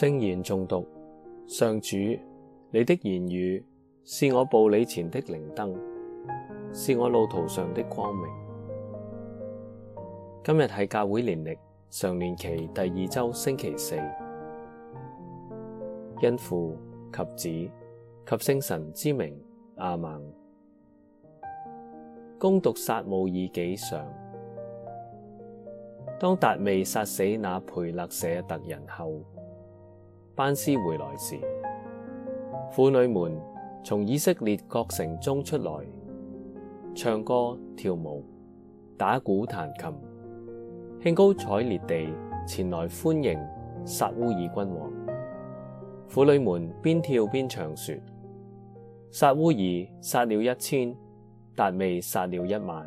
聖言誦讀。上主，你的言語是我步履前的靈燈，是我路途上的光明。今日係教會年曆常年期第二周星期四，因父及子及聖神之名阿，阿們。恭讀撒慕爾紀上，當達味殺死那培肋舍特人後，班師回來時，婦女們從以色列各城中出來，唱歌跳舞，打鼓彈琴，興高采烈地前來歡迎撒烏耳君王。婦女們邊跳邊唱說：撒烏耳殺了一千，達味殺了一萬。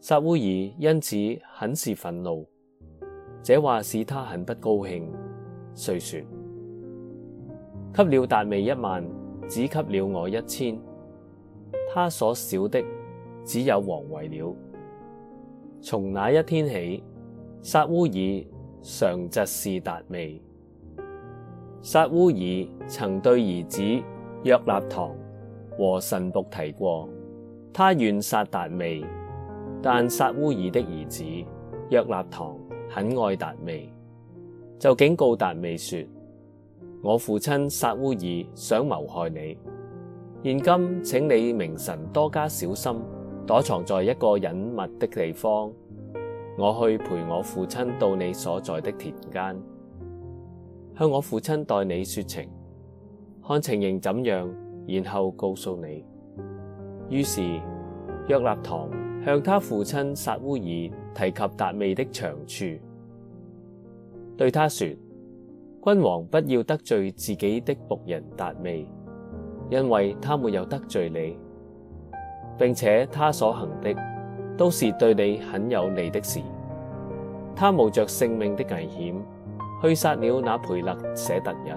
撒烏耳因此很是憤怒，這話使他很不高興。遂說，給了達味一萬，只給了我一千。他所少的只有王位了。從那一天起，撒烏耳常嫉視達味。撒烏耳曾對兒子約納堂和臣僕提過，他願殺達味。但撒烏耳的兒子約納堂很愛達味。就警告達味說：我父親撒烏爾想謀害你，現今請你明晨多加小心，躲藏在一個隱密的地方。我去陪我父親到你所在的田間，向我父親代你說情，看情形怎樣，然後告訴你。於是約納堂向他父親撒烏爾提及達味的長處。對他說：君王不要得罪自己的僕人達味，因為他沒有得罪你，並且他所行的，都是對你很有利的事。他冒着性命的危險去殺了那培肋舍特人，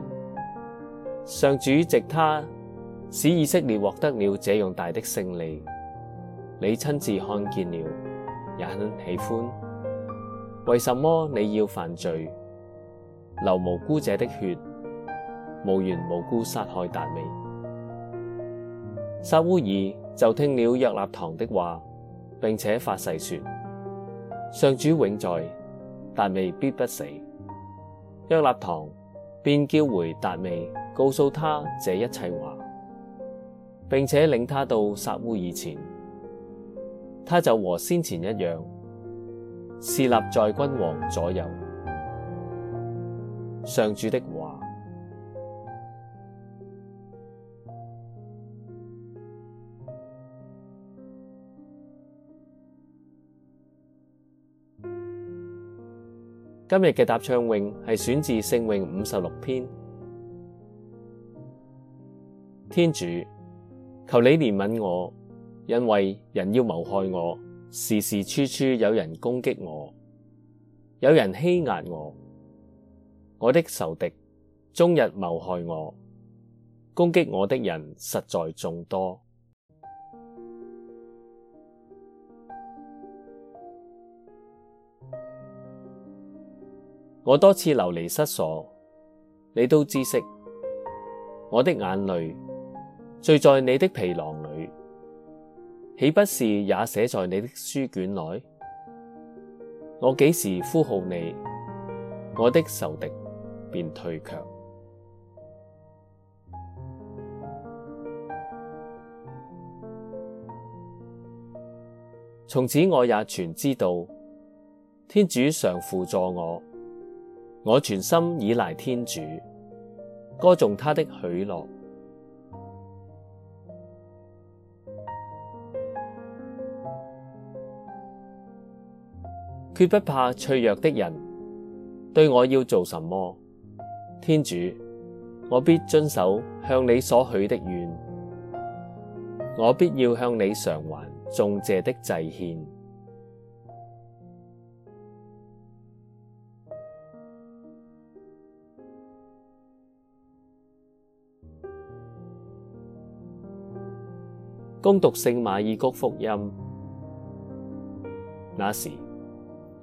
上主藉他使以色列獲得了這樣大的勝利。你親自看見了，也很喜歡。為什麼你要犯罪？流無辜者的血，無緣無故殺害達味。撒烏耳就聽了約納堂的話，並且發誓說：上主永在，達味必不死。約納堂便叫回達味，告訴他這一切話，並且領他到撒烏耳前，他就和先前一樣，侍立在君王左右。上主的話。今日嘅答唱詠係選自聖詠五十六篇。天主，求你憐憫我，因為人要謀害我，時時處處有人攻擊我，有人欺壓我。我的仇敵終日謀害我，攻擊我的人實在眾多。我多次流離失所，你都知悉。我的眼淚聚在你的皮囊裏，豈不是也寫在你的書卷內？我幾時呼號你，我的仇敵便退卻。從此我也全知道，天主常扶助我，我全心倚賴天主，歌頌他的許諾，決不怕脆弱的人對我要做什麼。天主，我必遵守向你所許的願，我必要向你償還頌謝的祭獻。恭讀聖馬爾谷福音，那時，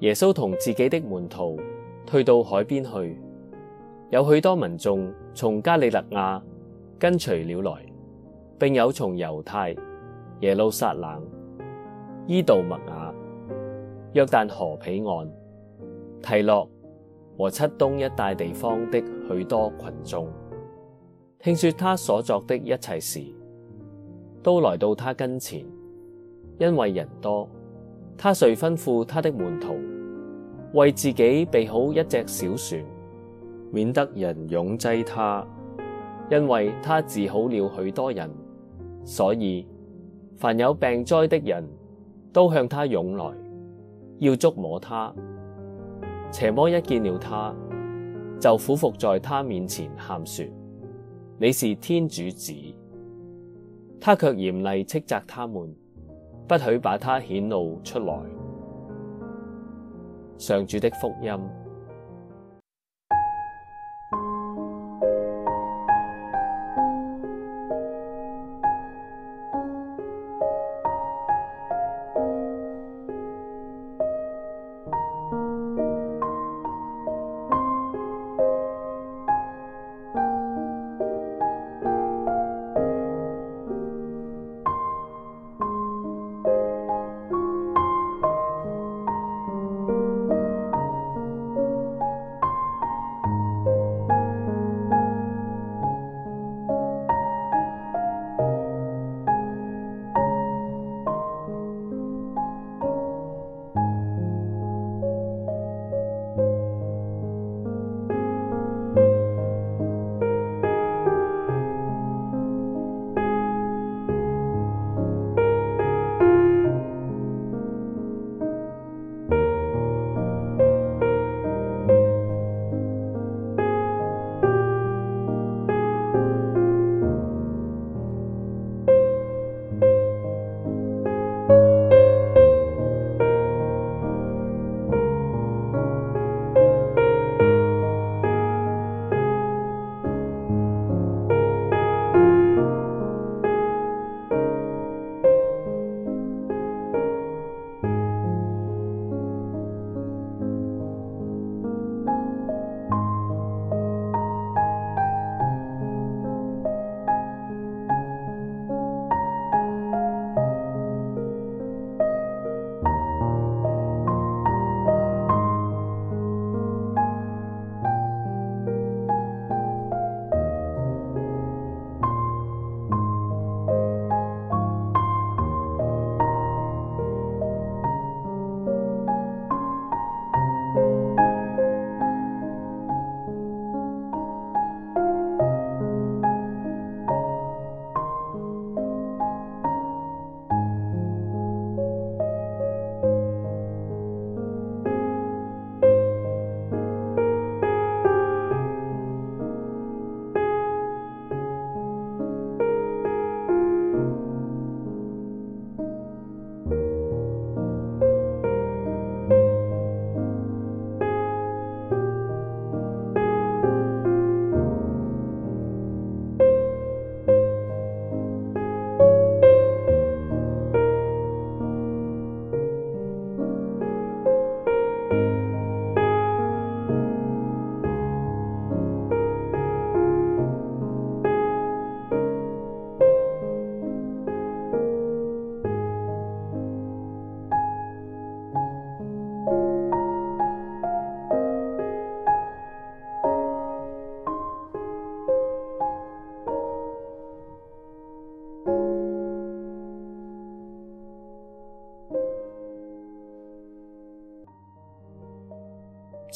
耶穌同自己的門徒退到海邊去。有許多民眾從加里肋亞跟隨了來，並有從猶太、耶路撒冷、依杜默雅、約旦河彼岸、提洛和漆東一帶地方的許多群眾，聽說他所作的一切事，都來到他跟前，因為人多，他遂吩咐他的門徒，為自己備好一隻小船。免得人擁擠他，因為他治好了許多人，所以凡有病災的人都向他湧來，要觸摸他。邪魔一見了他，就俯伏在他面前喊說：你是天主子。他卻嚴厲斥責他們，不許把他顯露出來。上主的福音。